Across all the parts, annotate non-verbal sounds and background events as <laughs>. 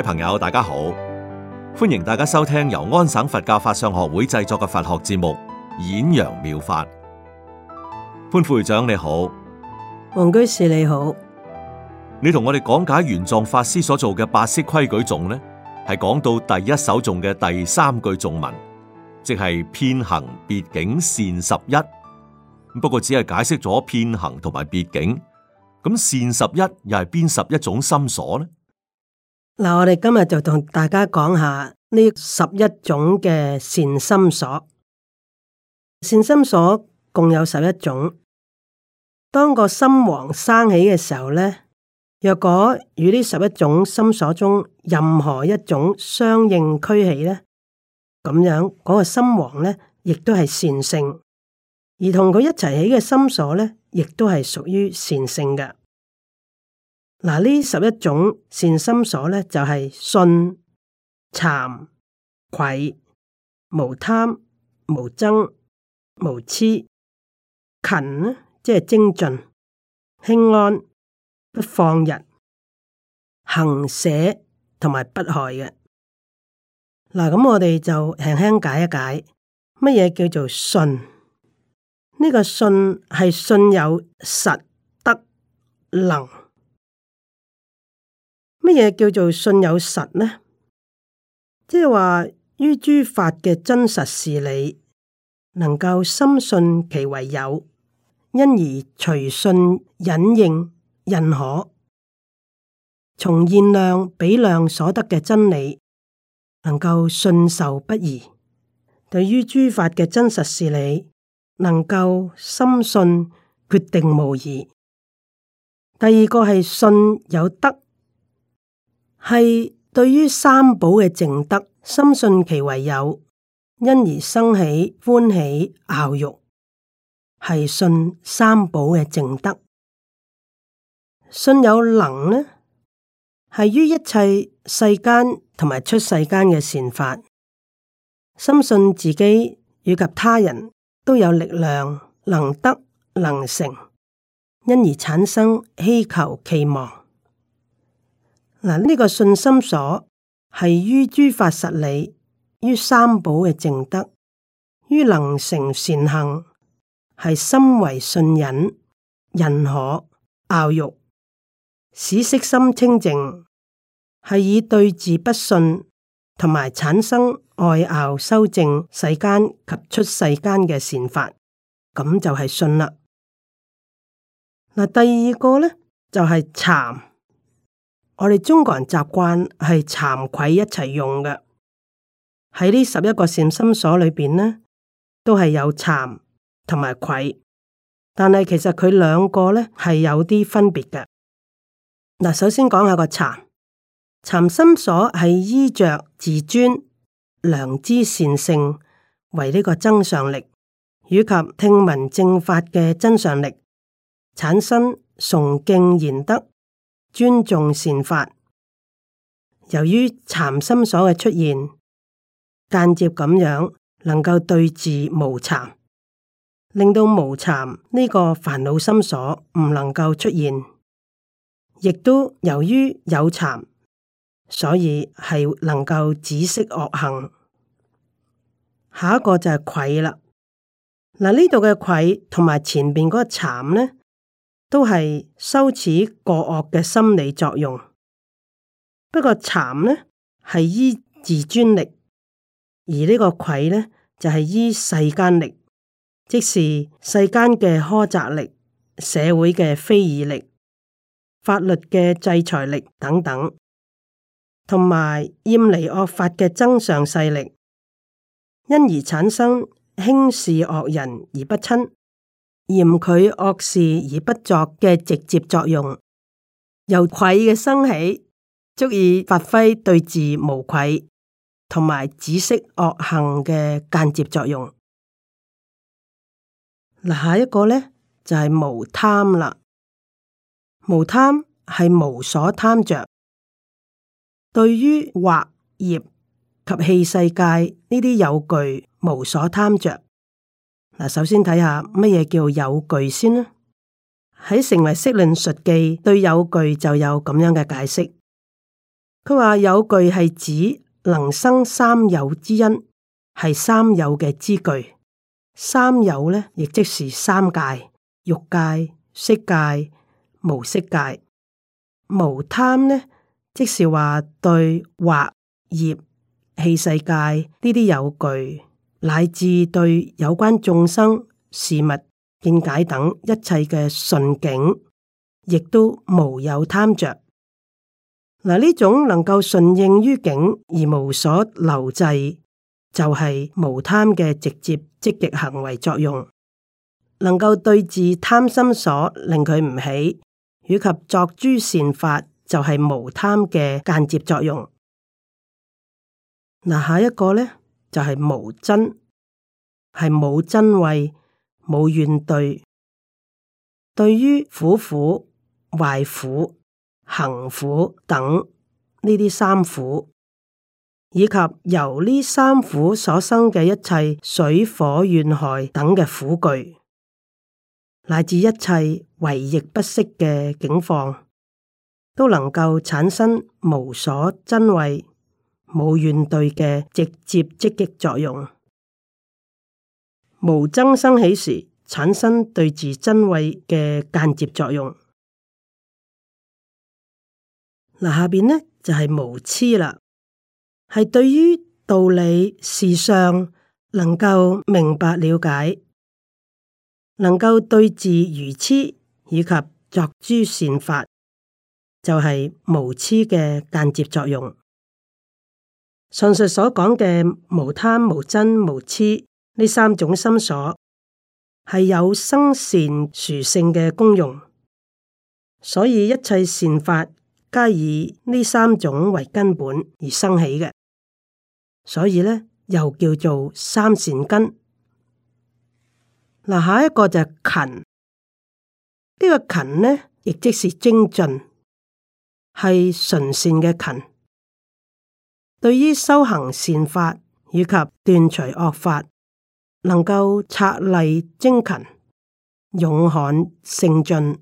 各位朋友，大家好，歡迎大家收聽由安省佛教法相學會製作嘅佛學節目《演揚妙法》。潘副會長你好，王居士你好，你同我哋講解玄奘法師所做嘅八識規矩頌呢，係講到第一首頌嘅第三句頌文，即係遍行別境善十一。不過只係解釋咗遍行同埋別境，咁善十一又係邊十一種心所呢？嗱，我哋今日就同大家講一下呢十一種嘅善心所。善心所共有十一種。當個心王生起嘅時候呢，若果與呢十一種心所中任何一種相應俱起呢，咁樣嗰個心王呢亦都係善性，而同佢一齊起嘅心所呢，亦都係屬於善性嘅。嗱，呢十一種善心所咧，就係信、慚、愧、無貪、無瞋、無癡、無癡、勤即係精進、輕安、不放逸、行捨同埋不害嘅。嗱，咁我哋就輕輕解一解，乜嘢叫做信？呢、呢個信係信有實德能。乜嘢叫做信有實呢？即係話於諸法嘅真實事理，能夠深信其為有，因而隨信隱認認可，從現量比量所得嘅真理，能夠信受不疑。對於諸法嘅真實事理，能夠深信決定無疑。第二個係信有德。係對於三寶嘅淨德，深信其為有，因而生起歡喜、效欲，係信三寶嘅淨德。信有能呢，係於一切世間同埋出世間嘅善法，深信自己以及他人都有力量，能得能成，因而產生希求期望。嗱，呢個信心所係於諸法實理，於三寶嘅淨德，於能成善行，係心為信引，忍可樂欲，使識心清淨，係以對治不信，同埋產生愛樂修正世間及出世間嘅善法，咁就係信啦。嗱，第二個咧就係、是、慚。我哋中國人習慣係慚愧一齊用嘅，喺呢十一個善心所裏邊呢，都係有慚同埋愧，但係其實佢兩個呢，係有啲分別嘅。嗱，首先講下個慚，慚心所係依着自尊、良知、善性為呢個增上力，以及聽聞正法嘅增上力產生崇敬賢德尊重善法，由於慚心所嘅出現，間接咁樣能夠對治無慚，令到無慚呢個煩惱心所唔能夠出現，亦都由於有慚，所以係能夠止息惡行。下一個就係愧啦，嗱呢度嘅愧同埋前邊嗰個慚呢？都係羞恥過惡嘅心理作用，不過慚呢係依自尊力，而呢個愧呢就係、是、依世間力，即是世間嘅苛責力、社會嘅非議力、法律嘅制裁力等等，同埋厭離惡法嘅增上勢力，因而產生輕視惡人而不親。嫌佢惡事而不作嘅直接作用，由愧嘅生起，足以發揮對治無愧同埋止息惡行嘅間接作用。嗱，下一個咧就係、是、無貪啦。無貪係無所貪着，對於惑業及器世界呢啲有具無所貪着。嗱，首先睇下乜嘢叫有具先啦。喺《成唯識論述記》對有具就有咁樣嘅解釋。佢話有具係指能生三有之因，係三有嘅資具。三有呢，亦即是三界：欲界、色界、無色界。無貪呢，即是話對惑業器世界呢啲有具。乃至對有關眾生、事物、見解等一切嘅順境，亦都無有貪着。嗱、嗯，呢種能夠順應於境而無所留滯，就係、是、無貪嘅直接積極行為作用；能夠對治貪心所，令佢唔起，以及作諸善法，就係、是、無貪嘅間接作用。嗱、嗯，下一個咧。就係無瞋，係冇瞋恚，冇怨對。對於苦苦、壞苦、行苦等呢啲三苦，以及由呢三苦所生嘅一切水火怨害等嘅苦具，乃至一切違逆不息嘅境況，都能夠產生無所瞋恚。冇怨懟嘅直接積極作用，無瞋生起時產生對治瞋恚嘅間接作用。嗱，下邊呢就係、是、無痴啦，係對於道理事上能夠明白了解，能夠對治愚痴以及作諸善法，就係、是、無痴嘅間接作用。上述所講嘅無貪、無嗔、無痴呢三種心所，係有生善殊勝嘅功用，所以一切善法皆以呢三種為根本而生起嘅，所以咧，又叫做三善根。嗱，下一個就係勤，呢個勤呢，亦即是精進，係純善嘅勤。對於修行善法以及斷除惡法，能夠策勵精勤、勇悍勝進，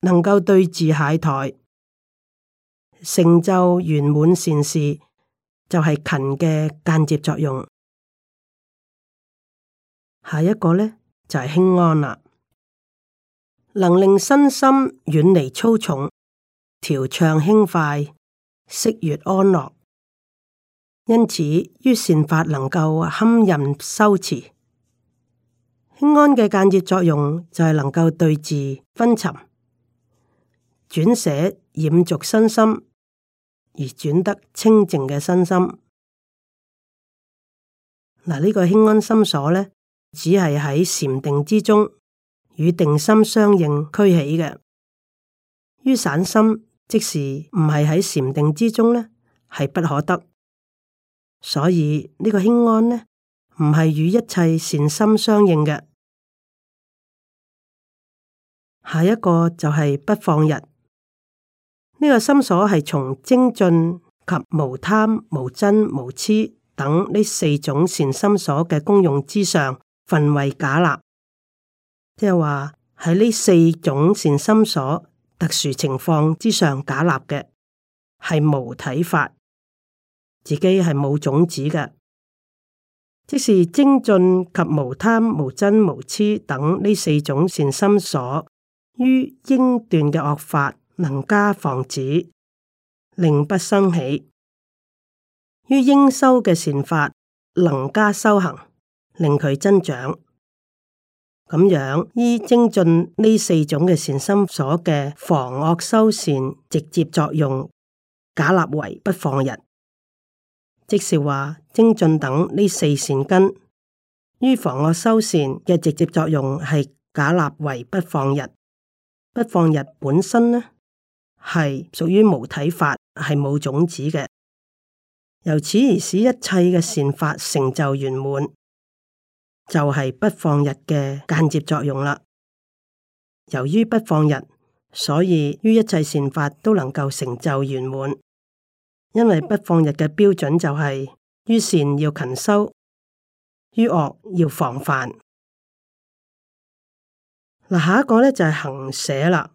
能夠對治懈怠，成就圓滿善事，就係、是、勤嘅間接作用。下一個呢，就係、是、輕安啦，能令身心遠離粗重，調暢輕快，適悅安樂。因此，於善法能夠堪任修持，輕安嘅間接作用就係能夠對治昏沉、轉捨染濁身心，而轉得清淨嘅身心。嗱，呢個輕安心所咧，只係喺禪定之中與定心相應俱起嘅；於散心，即是唔係喺禪定之中咧，係不可得。所以呢、這個輕安呢，唔係與一切善心相應嘅。下一個就係不放逸。呢、這個心所係從精進及無貪、無嗔、無癡等呢四種善心所嘅功用之上，分為假立，即係話喺呢四種善心所特殊情況之上假立嘅，係無體法。自己係冇種子嘅，即是精進及無貪、無嗔、無痴等呢四種善心所於應斷嘅惡法能加防止，令不生起；於應修嘅善法能加修行，令佢增長。咁樣依精進呢四種嘅善心所嘅防惡修善直接作用，假立為不放逸。即是話精進等呢四善根，於防惡修善嘅直接作用係假立為不放逸。不放逸本身呢係屬於無體法，係冇種子嘅。由此而使一切嘅善法成就圓滿，就係、是、不放逸嘅間接作用啦。由於不放逸，所以於一切善法都能夠成就圓滿。因為不放逸嘅標準就係、是、於善要勤修，於惡要防範。嗱，下一個呢就係、是、行捨啦。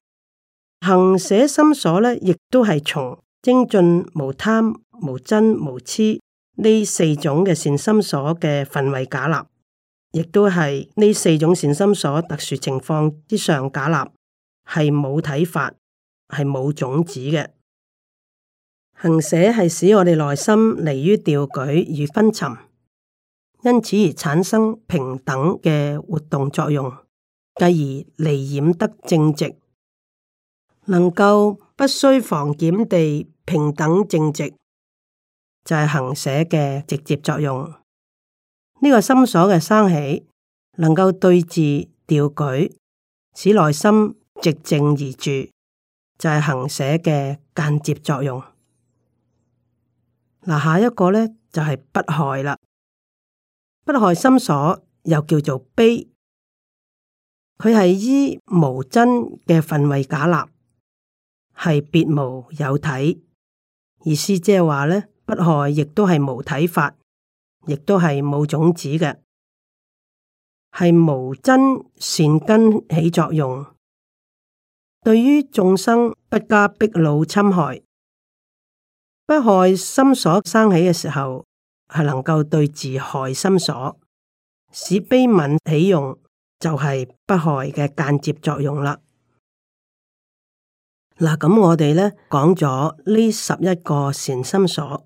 行捨心所呢，亦都係從精進、無貪、無嗔、無痴呢四種嘅善心所嘅分位假立，亦都係呢四種善心所特殊情況之上假立，係冇體法，係冇種子嘅。行捨係使我哋內心離於掉舉而昏沉，因此而產生平等嘅活動作用，繼而離染得正直，能夠不需防檢地平等正直，就係、是、行捨嘅直接作用。呢、這個心所嘅生起，能夠對治掉舉，使內心直正而住，就係、是、行捨嘅間接作用。嗱，下一個呢就係、是、不害啦，不害心所又叫做悲，佢係依無真嘅分位假立，係別無有體。意思即係話呢，不害亦都係無體法，亦都係冇種子嘅，係無真善根起作用，對於眾生不加逼惱侵害。不害心所生起嘅時候，係能夠對治害心所，使悲憫起用，就係、是、不害嘅間接作用啦。嗱，咁我哋呢講咗呢十一個善心所，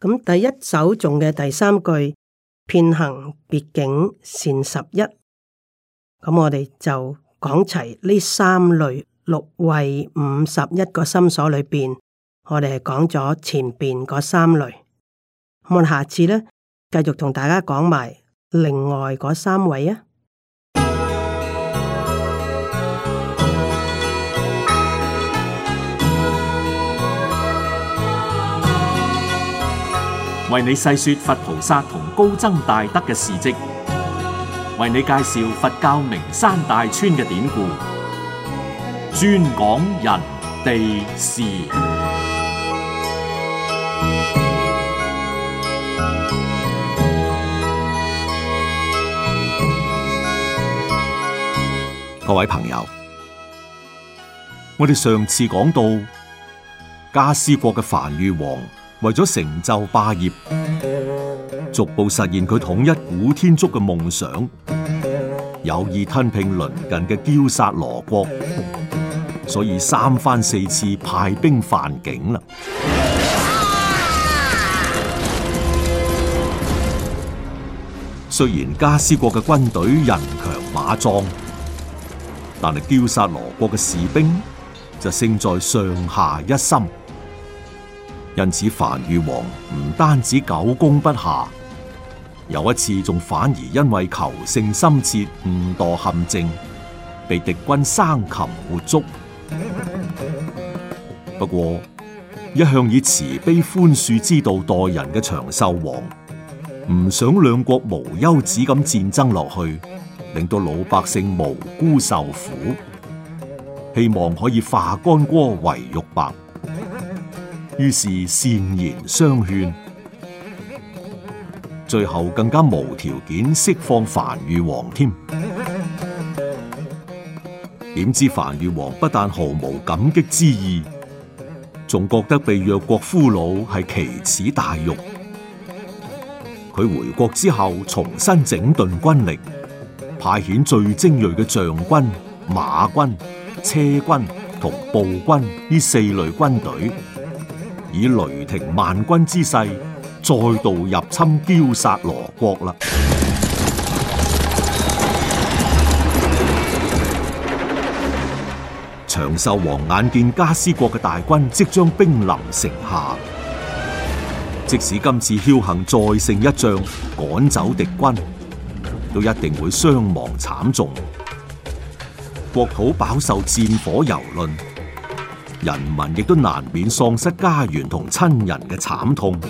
咁第一首中嘅第三句，遍行別境善十一，咁我哋就講齊呢三類六位五十一個心所裏面。我哋係講咗前邊嗰三類，咁我下次咧繼續同大家講埋另外嗰三位啊。為你細說佛菩薩同高僧大德嘅事蹟，為你介紹佛教名山大川嘅典故，專講人地事。各位朋友，我哋上次講到，加斯國嘅梵豫王為咗成就霸業，逐步實現佢統一古天竺嘅夢想，有意吞併鄰近嘅嬌薩羅國，所以三番四次派兵犯境啦。雖然加斯國嘅軍隊人強馬壯。但係，憍殺羅國嘅士兵就勝在上下一心，因此梵豫王唔單止久攻不下，有一次仲反而因為求勝心切誤墮陷阱，被敵軍生擒活捉。不過，一向以慈悲寬恕之道待人嘅長壽王，唔想兩國無休止咁戰爭落去。令到老百姓無辜受苦，希望可以化干戈為玉帛，於是善言相勸，最後更加無條件釋放梵豫王添。點知梵豫王不但毫無感激之意，仲覺得被弱國俘虜係奇恥大辱。佢回國之後，重新整頓軍力。派遣最精銳嘅象軍、馬軍、車軍同步軍呢四類軍隊，以雷霆萬鈞之勢，再度入侵焦殺羅國啦！ <noise> 長壽王眼見加斯國嘅大軍即將兵臨城下，即使今次僥幸再勝一仗，趕走敵軍，都一定會傷亡慘重，國土飽受戰火蹂躪，人民亦都難免喪失家園同親人嘅慘痛，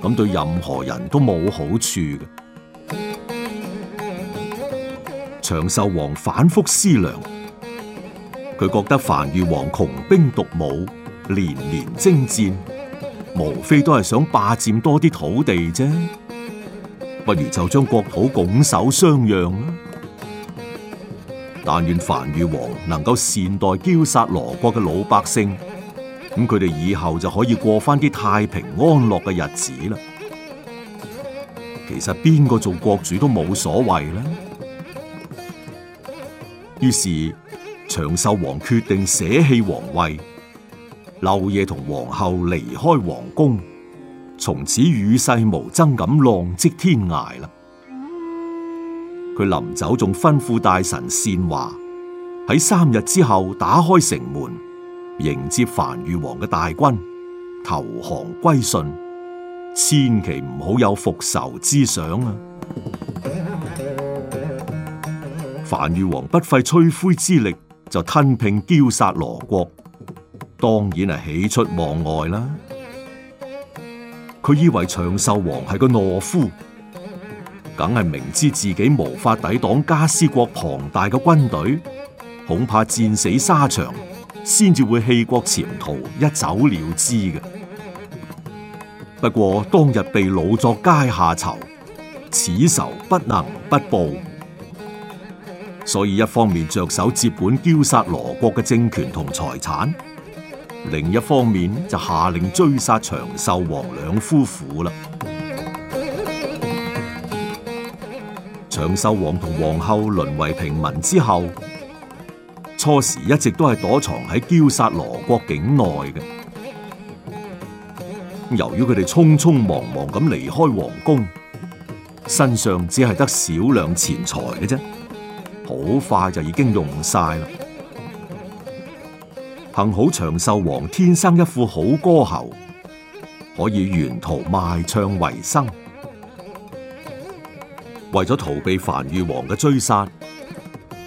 咁對任何人都冇好處嘅。長壽王反覆思量，佢覺得梵豫王窮兵黷武，連連征戰，無非都係想霸占多啲土地啫。不如就將國土拱手相讓啦！但願梵豫王能夠善待憍薩羅國嘅老百姓，咁佢哋以後就可以過返啲太平安樂嘅日子啦。其實邊個做國主都冇所謂呢。於是長壽王決定捨棄皇位，漏夜同皇后離開皇宮。從此與世無爭咁浪迹天涯啦。佢臨走仲吩咐大臣善華：喺三日之後打開城門迎接梵豫王嘅大軍投降歸順，千祈唔好有復仇之想啊！梵豫王不費吹灰之力就吞併憍殺羅國，當然係喜出望外啦。佢以為長壽王係個懦夫，梗係明知自己無法抵擋迦尸國龐大嘅軍隊，恐怕戰死沙場，先至會棄國潛逃一走了之嘅。不過當日被老作階下囚，此仇不能不報，所以一方面着手接管拘薩羅國嘅政權同財產。另一方面就下令追殺長壽王兩夫婦啦。長壽王同皇后淪為平民之後，初時一直都係躲藏喺憍薩羅國境內嘅。由於佢哋匆匆忙忙咁離開皇宮，身上只係得少量錢財嘅啫，好快就已經用晒啦。幸好長壽王天生一副好歌喉，可以沿途賣唱為生。為咗逃避梵豫王嘅追殺，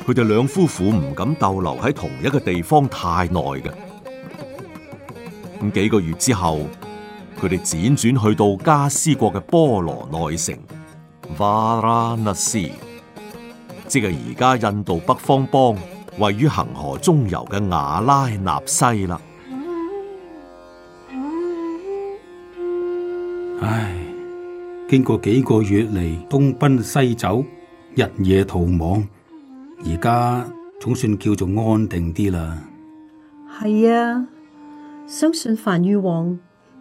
佢哋兩夫婦唔敢逗留喺同一個地方太耐嘅。咁幾個月之後，佢哋輾轉去到迦尸國嘅波羅奈城 Varanasi 即係而家印度北方邦。位於恒河中游嘅瓦拉納西啦。唉，經過幾個月嚟，東奔西走、日夜逃亡，而家總算叫做安定啲啦。係啊，相信梵豫王，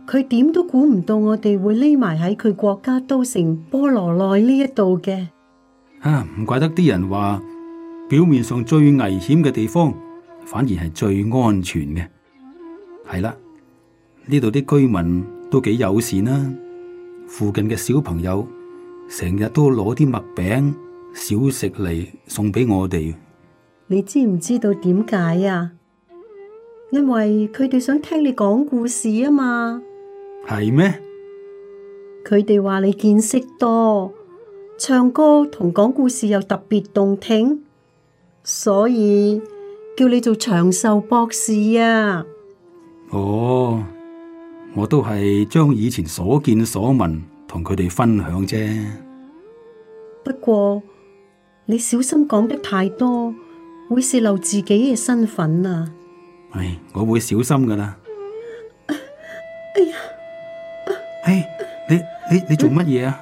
佢點都估唔到我哋會匿埋喺佢國家都城波羅奈呢一度嘅。啊，唔怪得啲人話。表面上最危險嘅地方，反而係最安全嘅。係啦，呢度啲居民都幾友善啦附近嘅小朋友成日都攞啲麥餅小食嚟送俾我哋。你知唔知道點解啊？因為佢哋想聽你講故事啊嘛。係咩？佢哋話你見識多，唱歌同講故事又特別動聽。所以叫你做長壽博士啊！哦，我都係將以前所見所聞同佢哋分享啫。不過你小心講得太多，會洩露自己嘅身份啊！唉，我會小心㗎喇、啊。哎呀！哎、啊，你你你做乜嘢啊？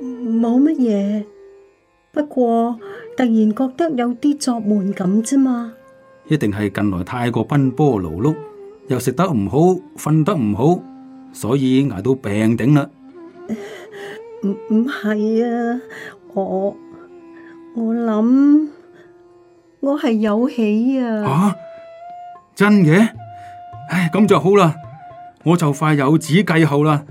冇乜嘢，不過。突然覺得有啲作悶咁啫嘛，一定係近來太過奔波勞碌，又食得唔好，瞓得唔好，所以挨到病頂啦。唔唔係啊，我我諗我係有喜啊。啊，真嘅？唉，咁就好啦，我就快有子繼後啦。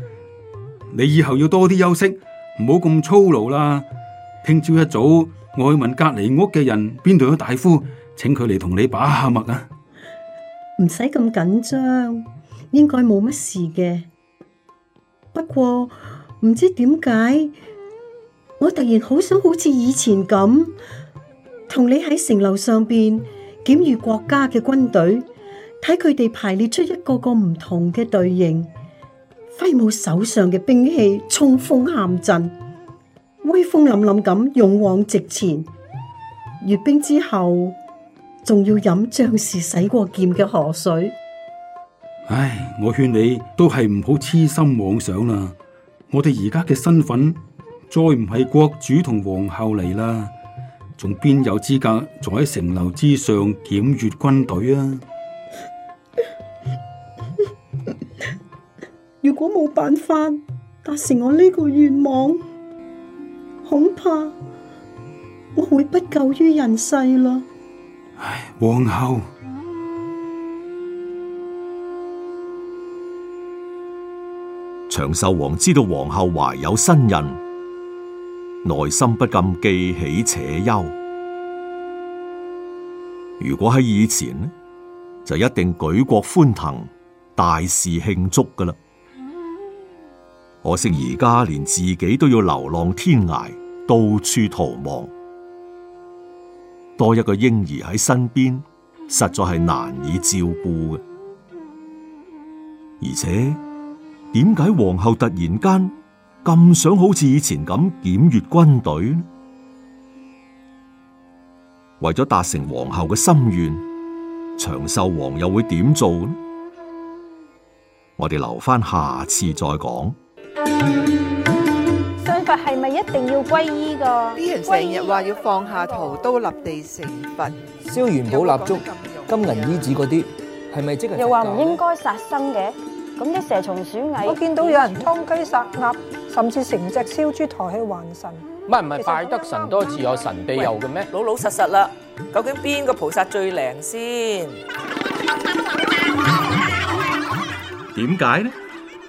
你以後要多啲休息，唔好咁操勞啦。聽朝一早，我去問隔籬屋嘅人邊度有大夫，請佢嚟同你把下脈啊！唔使咁緊張，應該冇乜事嘅。不過唔知點解，我突然好想好似以前咁，同你喺城樓上邊檢閱國家嘅軍隊，睇佢哋排列出一個個唔同嘅隊形，揮舞手上嘅兵器衝鋒陷陣。威風凜凜咁勇往直前，閱兵之後仲要飲將士洗過劍嘅河水。唉，我勸你都係唔好痴心妄想啦。我哋而家嘅身份再唔係國主同皇后嚟啦，仲邊有資格坐喺城樓之上檢閱軍隊啊？ <laughs> 如果冇辦法達成我呢個願望。恐怕我會不久於人世啦。唉，皇后。長壽王知道皇后懷有身孕，內心不禁既喜且憂。如果喺以前呢，就一定舉國歡騰，大肆慶祝噶啦。可惜而家連自己都要流浪天涯，到處逃亡，多一個嬰兒喺身邊，實在係難以照顧嘅。而且，點解皇后突然間咁想好似以前咁檢閱軍隊呢？為咗達成皇后嘅心願，長壽王又會點做呢？我哋留翻下次再講。係咪一定要皈依噶？啲人成日話要放下屠刀立地成佛，燒元寶蠟燭、金銀衣子嗰啲，係咪即係？又話唔應該殺生嘅，咁啲蛇蟲鼠蟻，我見到有人劏雞殺鴨，甚至成隻燒豬抬起還神。唔係唔係，拜得神多自有神庇佑嘅咩？老老實實啦，究竟邊個菩薩最靈先？點解呢？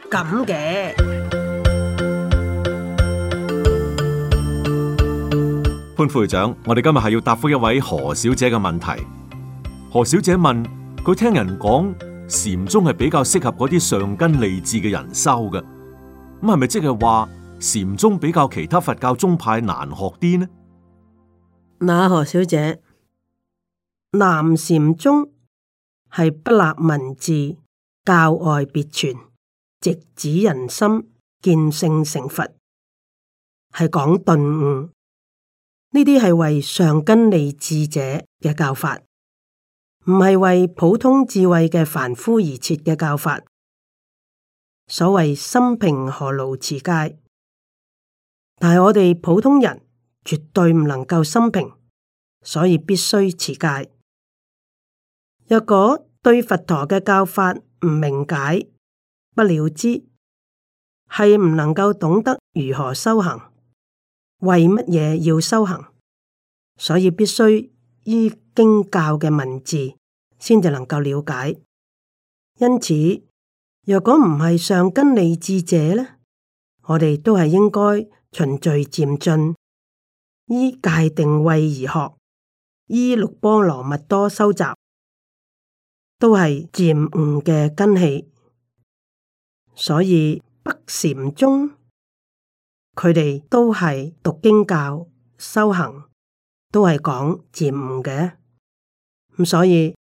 咁嘅。潘副會長，我哋今日係要答覆一位何小姐嘅問題。何小姐問佢聽人講禪宗係比較適合嗰啲上根利智嘅人修嘅，咁係咪即係話禪宗比較其他佛教宗派難學啲呢？嗱，何小姐，南禪宗係不立文字，教外別傳，直指人心，見性成佛，係講頓悟。呢啲係為上根利智者嘅教法，唔係為普通智慧嘅凡夫而設嘅教法。所謂心平何勞持戒，但係我哋普通人絕對唔能夠心平，所以必須持戒。若果對佛陀嘅教法唔明解、不了知，係唔能夠懂得如何修行。為乜嘢要修行？所以必須依經教嘅文字，先至能夠了解。因此，若果唔係上根利智者咧，我哋都係應該循序漸進，依戒定慧而學，依六波羅蜜多修習，都係漸悟嘅根器。所以北禪宗。佢哋都係讀經教、修行，都係講漸悟嘅。咁所以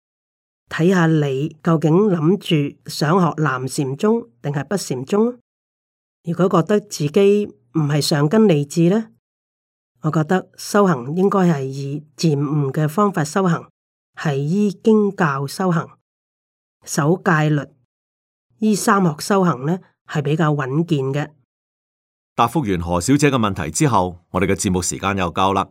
睇下你究竟諗住想學南禪宗定係北禪宗？如果覺得自己唔係上根利智呢，我覺得修行應該係以漸悟嘅方法修行，係依經教修行，守戒律，依三學修行呢，係比較穩健嘅。答覆完何小姐嘅問題之後，我哋嘅節目時間又夠啦。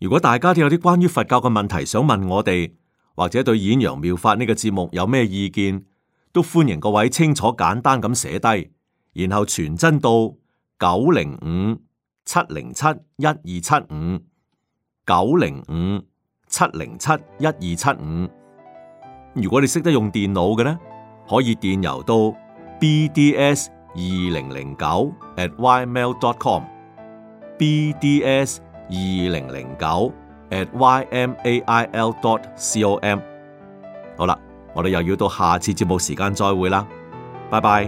如果大家都有啲關於佛教嘅問題想問我哋，或者對演揚妙，妙法呢個節目有咩意見，都歡迎各位清楚簡單咁寫低，然後傳真到九零五七零七一二七五九零五七零七一二七五。如果你識得用電腦嘅咧，可以電郵到 BDS 二零零九 at ymail.com BDS 二零零九 at ymail.com dot 好啦，我哋又要到下次節目時間再會啦，拜拜。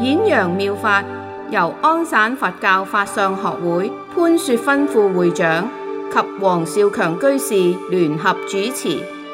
演揚妙法由安省佛教法相學會潘雪芬副會長及黃少強居士聯合主持。